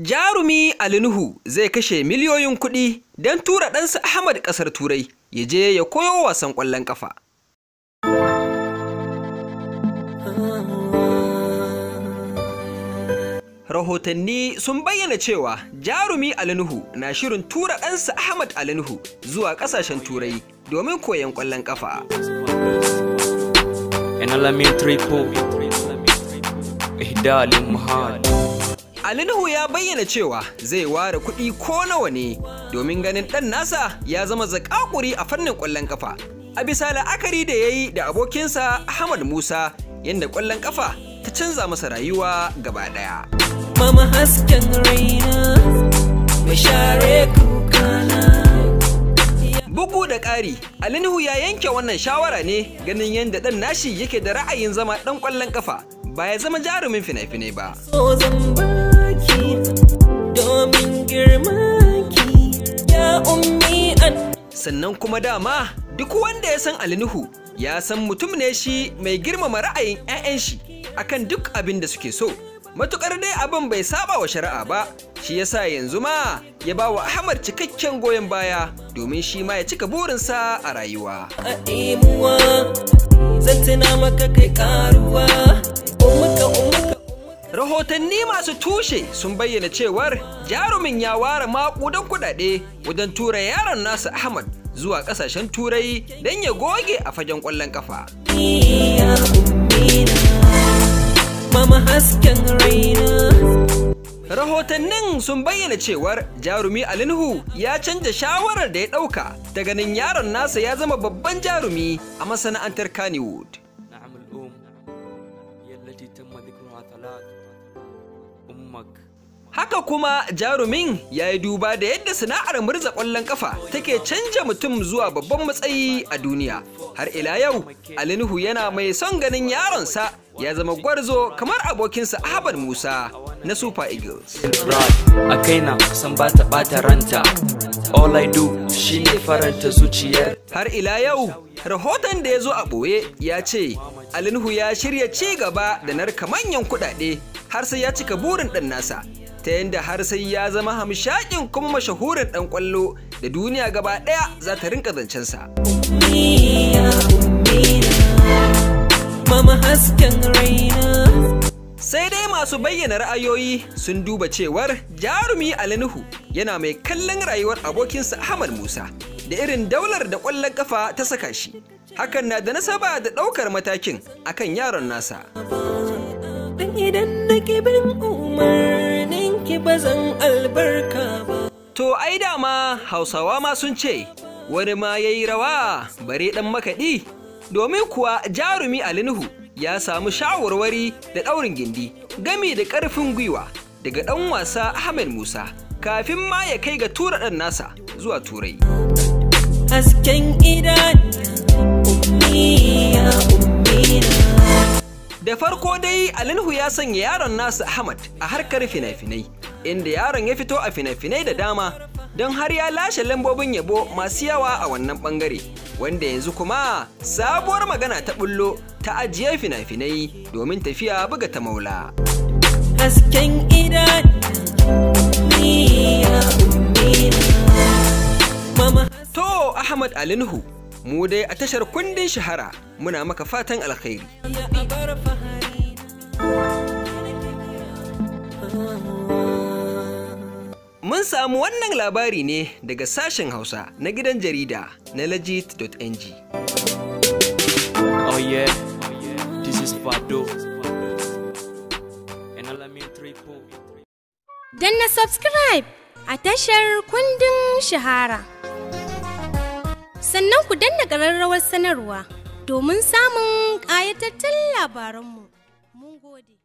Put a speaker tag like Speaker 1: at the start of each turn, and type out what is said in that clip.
Speaker 1: Jarumi Alinuhu zai kashe miliyoyin kuɗi don tura ɗansa Ahmad ƙasar Turai ya je ya koyo wasan ƙwallon ƙafa. Rahotanni sun bayyana cewa jarumi Alinuhu na shirin tura ɗansa Ahmad Alinuhu zuwa ƙasashen Turai domin koyon ƙwallon ƙafa. Enalamin alamin triple, Ihdalin Ali Nuhu ya bayyana cewa zai ware kuɗi ko nawa ne domin ganin ɗan nasa ya zama zakakuri a fannin ƙwallon kafa. A bisa la'akari da ya yi da abokinsa Ahmad Musa yadda ƙwallon kafa ta canza masa rayuwa gaba ɗaya. Mama hasken raina, mai share kukana. Bugu da ƙari, Alinuhu ya yanke wannan shawara ne ganin yadda ɗan nashi yake da ra'ayin zama ɗan ƙwallon ƙafa ba ya zama jarumin fina-finai ba. girmaki ya ummi an sannan kuma dama duk wanda ya san alinuhu ya san mutum ne shi mai girmama ra'ayin 'ya'yan shi akan duk abin da suke so matukar dai abin bai saba wa shari'a ba shi ya sa yanzu ma ya ba wa ahmad cikakken goyon baya domin shi ma ya cika burinsa a rayuwa a imuwa zan tuna maka kai karuwa rahotanni masu tushe sun bayyana cewar jarumin ya ware maƙudan kuɗaɗe wajen tura yaron nasa ahmad zuwa ƙasashen turai don ya goge a fagen ƙwallon ƙafa rahotannin sun bayyana cewar jarumi alinhu ya canja shawarar da ya ɗauka daga ganin yaron nasa ya zama babban jarumi a masana'antar kannywood Haka kuma jarumin ya yi duba da yadda sana'ar murza ƙwallon kafa take canja mutum zuwa babban matsayi a duniya. Har ila yau, Alinuhu yana mai son ganin yaronsa ya zama gwarzo kamar abokinsa Ahmad Musa na Super Eagles. A kaina kusan ba ta ɓata ranta, all I do shi ne faranta zuciyar. Har ila yau, rahoton da ya zo a ɓoye ya ce alinhu ya shirya ci gaba da narka manyan kuɗaɗe har sai ya cika burin ɗan nasa ta yadda har sai ya zama hamshakin kuma mashahurin ɗan ƙwallo da duniya gaba ɗaya za ta rinka zancensa. Sai dai masu bayyana ra'ayoyi sun duba cewar jarumi Alinuhu yana mai kallon rayuwar abokinsa Ahmad Musa da irin daular da ƙwallon ƙafa ta saka shi hakan na da nasaba da ɗaukar matakin akan yaron nasa idan na bin to ai dama hausawa ma sun ce wani ma ya yi rawa bare ɗan makaɗi domin kuwa jarumi alinuhu ya samu shawarwari da ɗaurin gindi gami da ƙarfin gwiwa daga ɗan wasa ahmed musa kafin ma ya kai ga tura ɗan nasa zuwa turai. hasken idanu da farko dai alinhu ya sanya yaron nasu ahmad a harkar fina-finai inda yaron ya fito a fina-finai da dama don har ya lashe lambobin yabo masu yawa a wannan bangare wanda yanzu kuma sabuwar magana ta bullo ta ajiye fina-finai domin tafiya buga ta maula hasken idanu Alinuhu mu dai a tashar kundin shahara muna maka fatan alkhairi. Mun samu wannan labari ne daga sashen Hausa na gidan jarida na legit.ng. Oh yeah, subscribe a tashar kundin shahara. sannan ku danna ƙararrawar sanarwa domin samun ƙayatattun labaranmu. Mun gode.